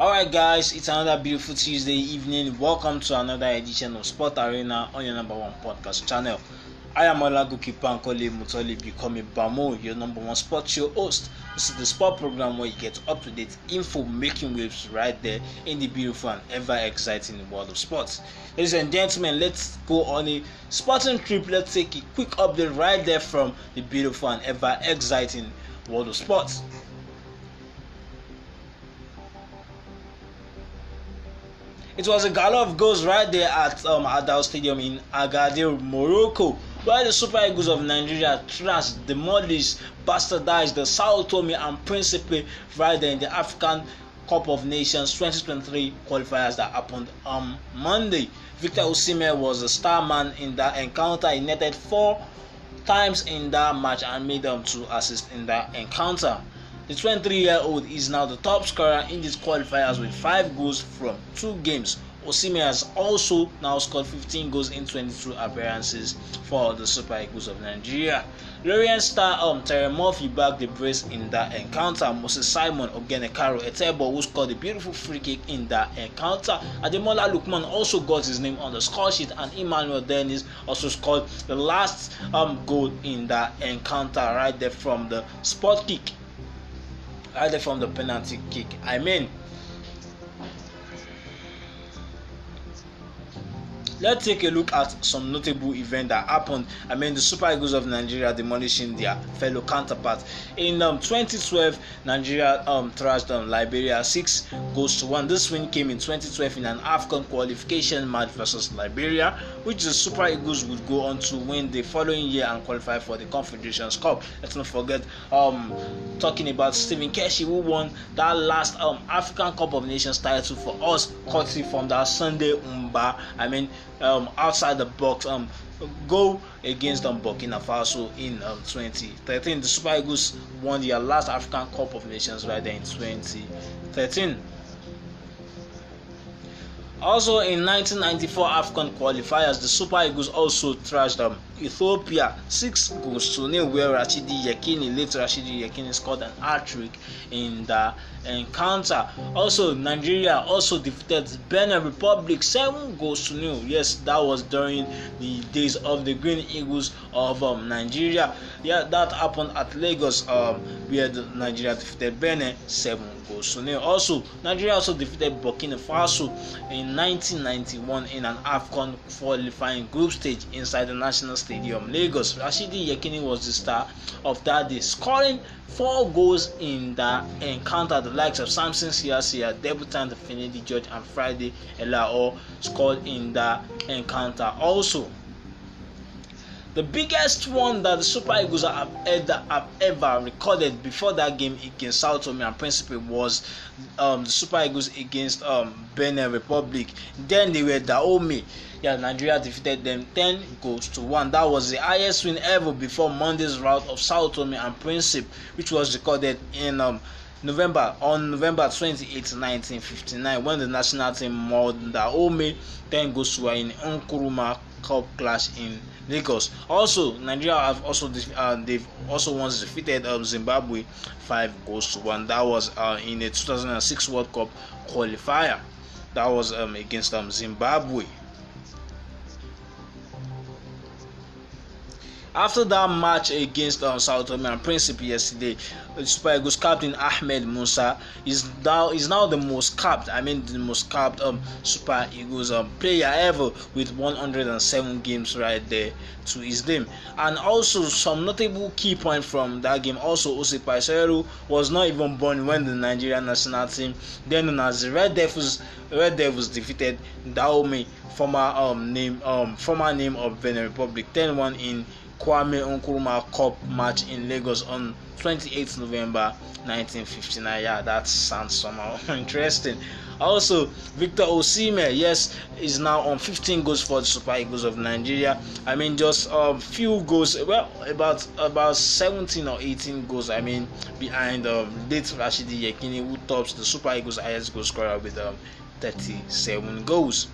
Alright, guys, it's another beautiful Tuesday evening. Welcome to another edition of Sport Arena on your number one podcast channel. I am Olaguki Mutoli, becoming Bamo, your number one sport show host. This is the sport program where you get up to date info making waves right there in the beautiful and ever exciting world of sports. Ladies and gentlemen, let's go on a sporting trip. Let's take a quick update right there from the beautiful and ever exciting world of sports. It was a gala of goals right there at um, Adal Stadium in Agadir, Morocco, where the Super Eagles of Nigeria thrashed, demolished, bastardized the Sao Tome and Principe right there in the African Cup of Nations 2023 qualifiers that happened on Monday. Victor Osimhen was the star man in that encounter. He netted four times in that match and made them two assists in that encounter. The 23-year-old is now the top scorer in these qualifiers with 5 goals from 2 games. Osimi has also now scored 15 goals in 22 appearances for the Super Eagles of Nigeria. Lorient star um, Terry Murphy backed the brace in that encounter. Moses Simon Ogenekaro Etebo who scored a beautiful free kick in that encounter. Ademola Lukman also got his name on the score sheet and Emmanuel Dennis also scored the last um, goal in that encounter right there from the spot kick either from the penalty kick. I mean, let's take a look at some notable events that happened. I mean, the Super Eagles of Nigeria demolishing their fellow counterparts. In um, 2012, Nigeria um, thrashed um, Liberia 6 goals to 1. This win came in 2012 in an AFCON qualification match versus Liberia, which the Super Eagles would go on to win the following year and qualify for the Confederations Cup. Let's not forget um, talking about Stephen Keshi who won that last um, African Cup of Nations title for us, courtesy from that Sunday Umba. I mean, um, outside the box um, goal against um, Burkina Faso in um, 2013. The Super Eagles won their last African Cup of Nations right there in 2013. Also in 1994 Afghan qualifiers, the Super Eagles also thrashed them. Um, Ethiopia. Six goals to nil where Rashidi Yekini, late Rashidi Yekini, scored an hat trick in the encounter. Also, Nigeria also defeated Benin Republic seven goals to nil. Yes, that was during the days of the Green Eagles of um, Nigeria. Yeah, that happened at Lagos, um, where Nigeria defeated Benin seven goals to nil. Also, Nigeria also defeated Burkina Faso in 1991 in an AFCON qualifying group stage inside the national. Stadium, Lagos. Rashidi Yekini was the star of that day, scoring four goals in that encounter. The likes of Samson Siasia, debutant Finidi George, and Friday Elao scored in that encounter. Also, the biggest one that the Super Eagles have, have ever recorded before that game against South Tome and Principe was um, the Super Eagles against um, Benin Republic. Then they were Daomi. Yeah, Nigeria defeated them 10 goals to 1. That was the highest win ever before Monday's rout of South Tome and Principe, which was recorded in um, November on November 28, 1959, when the national team mauled Daomi 10 goals to 1 in Nkrumah Cup clash in Lagos. Also, Nigeria have also uh, they've also once defeated um, Zimbabwe five goals to one. That was uh, in a 2006 World Cup qualifier. That was um, against um, Zimbabwe. After that match against uh, South American Principe yesterday, uh, Super Eagles captain Ahmed Musa is now is now the most capped. I mean the most capped um, Super Eagles um, player ever with 107 games right there to his name. And also some notable key point from that game. Also Osipaisero was not even born when the Nigerian national team, then known as the Red Devils, Red Devils defeated Daome, former um, name um, former name of Benin Republic 10-1 in Kwame Nkrumah Cup match in Lagos on 28th November 1959. Yeah, that sounds somehow interesting. Also, Victor Osime, yes, is now on 15 goals for the Super Eagles of Nigeria. I mean, just a few goals, well, about about 17 or 18 goals. I mean, behind um, late Rashidi Yekini, who tops the Super Eagles' highest goal scorer with um, 37 goals.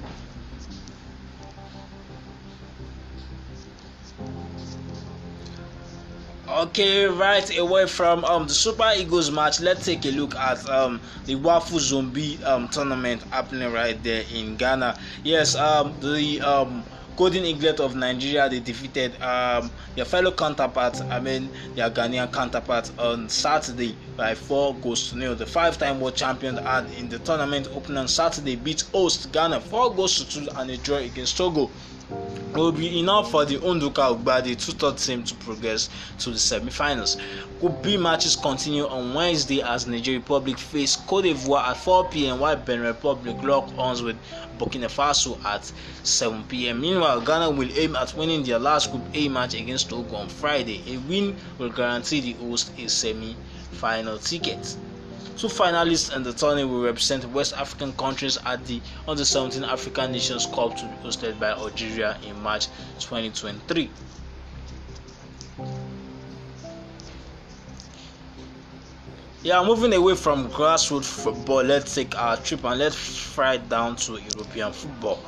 Okay, right away from um, the Super Eagles match, let's take a look at um, the Waffle Zombie um, tournament happening right there in Ghana. Yes, um, the um, Golden Eaglet of Nigeria they defeated um, their fellow counterparts, I mean their Ghanaian counterparts on Saturday by four goals to nil. The five-time world champion had in the tournament opening on Saturday beat host Ghana four goals to two and a draw against Togo. It will be enough for the Onduka Ugbadi two-third team to progress to the semi-finals. Group B matches continue on Wednesday as Nigeria Republic face Cote d'Ivoire at 4 p.m. while Benin Republic lock horns with Burkina Faso at 7 p.m. Meanwhile, Ghana will aim at winning their last Group A match against Togo on Friday. A win will guarantee the host a semi-final ticket. Two finalists in the tourney will represent West African countries at the Under 17 African Nations Cup to be hosted by Algeria in March 2023. Yeah, moving away from grassroots football, let's take our trip and let's fly down to European football.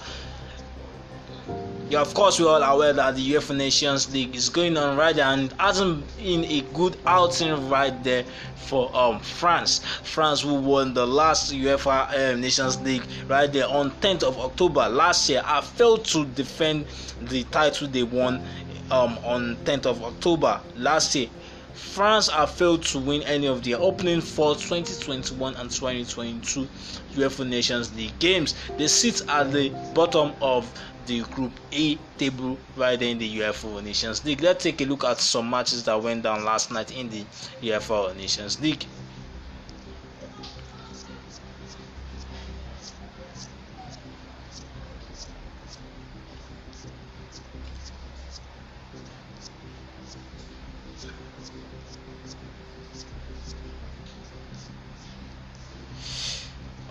Yeah, of course, we are all aware that the UEFA Nations League is going on right there and hasn't been a good outing right there for um, France. France, who won the last UEFA um, Nations League right there on 10th of October last year, have failed to defend the title they won um, on 10th of October last year. France have failed to win any of their opening for 2021 and 2022 UEFA Nations League games. They sit at the bottom of the Group A table right in the UEFA Nations League. Let's take a look at some matches that went down last night in the UEFA Nations League.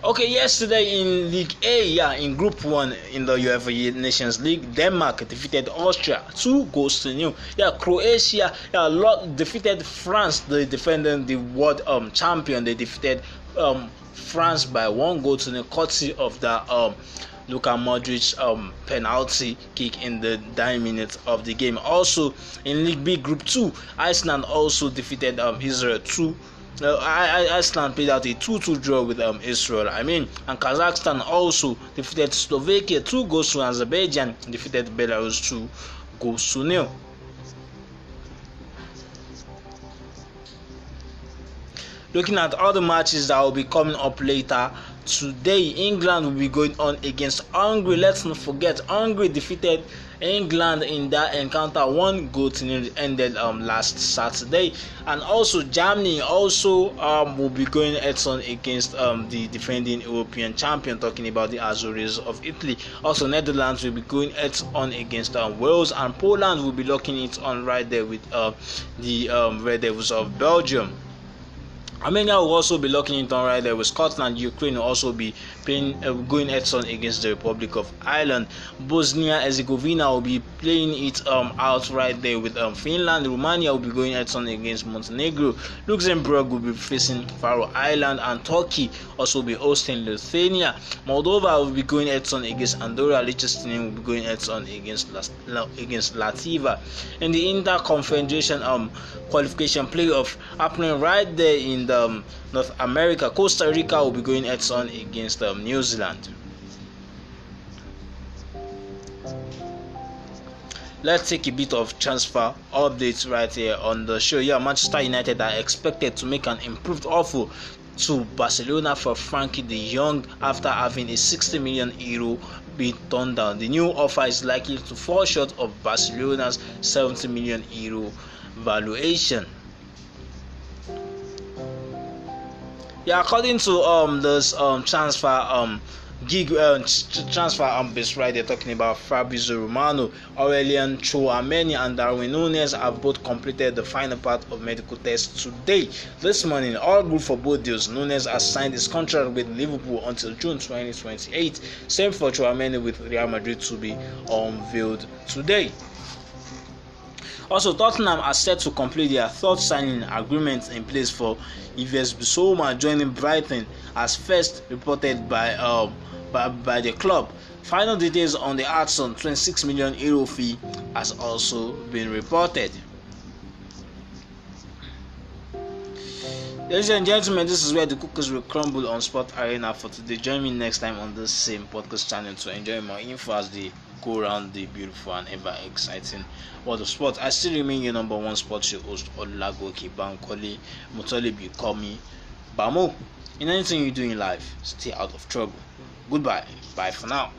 Okay, yesterday in League A, yeah, in Group 1 in the UEFA Nations League, Denmark defeated Austria 2 goals to nil. Yeah, Croatia yeah, defeated France, the defending the world um, champion. They defeated um, France by 1 goal to nil, courtesy of the um, Luka Modric um, penalty kick in the nine minutes of the game. Also in League B Group 2, Iceland also defeated um, Israel 2 uh, Iceland played out a 2-2 draw with um, Israel. I mean, and Kazakhstan also defeated Slovakia two goals to Azerbaijan defeated Belarus two goals to nil. Looking at all the matches that will be coming up later today England will be going on against Hungary. Let's not forget Hungary defeated England in that encounter. One goal to nil ended um last Saturday, and also Germany also um will be going heads on against um the defending European champion. Talking about the Azores of Italy. Also Netherlands will be going heads on against um, Wales, and Poland will be locking it on right there with uh, the um, Red Devils of Belgium. Armenia will also be locking in on right there with Scotland. Ukraine will also be playing, uh, going heads on against the Republic of Ireland. Bosnia Herzegovina will be playing it um, out right there with um, Finland. Romania will be going heads on against Montenegro. Luxembourg will be facing Faroe Island, and Turkey also be hosting Lithuania. Moldova will be going heads on against Andorra. Liechtenstein will be going heads on against Las- against Lativa. In the Inter Confederation um, qualification playoff happening right there in and um, North America. Costa Rica will be going at on against um, New Zealand. Let's take a bit of transfer updates right here on the show. Yeah, Manchester United are expected to make an improved offer to Barcelona for Frankie de Jong after having a 60 million euro bid turned down. The new offer is likely to fall short of Barcelona's 70 million euro valuation. Yeah, according to um this um transfer um gig uh, transfer on base right they're talking about Fabrizio Romano, Aurelian Chouameni and Darwin Nunes have both completed the final part of medical tests today. This morning, all good for both deals. Nunes has signed his contract with Liverpool until June 2028. Same for Chouameni with Real Madrid to be unveiled today. Also, Tottenham are set to complete their third signing agreement in place for Yves Bissouma joining Brighton, as first reported by, uh, by, by the club. Final details on the Hudson 26 million euro fee has also been reported. Ladies and gentlemen, this is where the cookies will crumble on Sport Arena for today. Join me next time on this same podcast channel to enjoy more info as the go around the beautiful and ever exciting world of sports. I still remain your number one sports show host, Olagoke Bankole Mutolibi Komi Bamo. In anything you do in life, stay out of trouble. Goodbye. Bye for now.